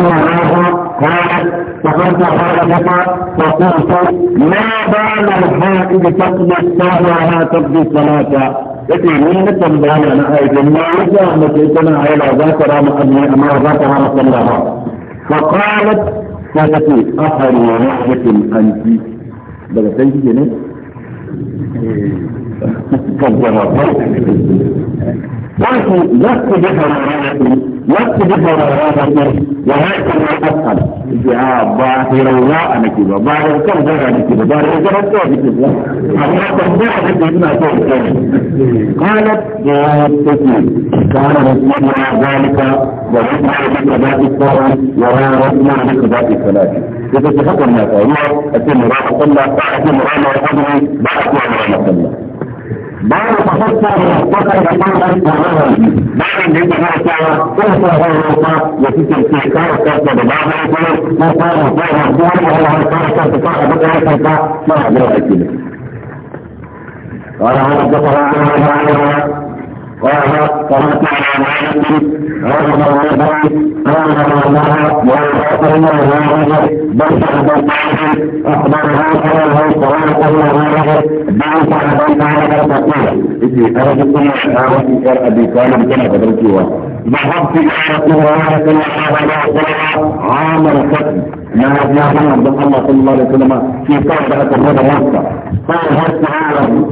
الله قالت فقد خالفك فقلت ما بال الحائض تقضي الصلاه تقضي الصلاه yake ni na tambaya na na aikin na yadda mace tana haila za ta rama azumi amma za ta rama sallah ba fa qalat fa tafi ahari wa rahmatin anti daga san kike ne ولكن كالجرابات ولكن لست بحرارتي لست بحرارتي وهكذا أفهم جاء ظاهر الله أنا كذا ظاهر كم ظاهر أنا كذا ظاهر كم ظاهر كذا حرارة ظاهر كذا قالت يا تسليم كان رسولنا ذلك ويسمع بقضاء الصلاة ولا رسمع بقضاء الصلاة إذا تفكر ما تقول أتم رأى صلى أتم رأى صلى بعد ما رأى صلى بعد تفكر وتفكر مرة مرة بعد ما انت فاكر كيف هو الوقت وتسمع تفكر تفكر بعد ما تقول ما صار صار صار ولا صار صار صار بكرة صار ما أقدر أكيد قال هذا ذكر عن قال قرات على مالك رضي الله عنه قال الله ويحكم الله بيت عبد اخبره قال قرات الله بيت عبد مالك فقال اذا خرجت من شهوتك ابي طالب كما تدركوا ذهبت الى رسول الله صلى الله عليه وسلم عام القتل ما يا محمد الله صلى الله عليه وسلم في صحبه الرضا والصبر قال هل تعالى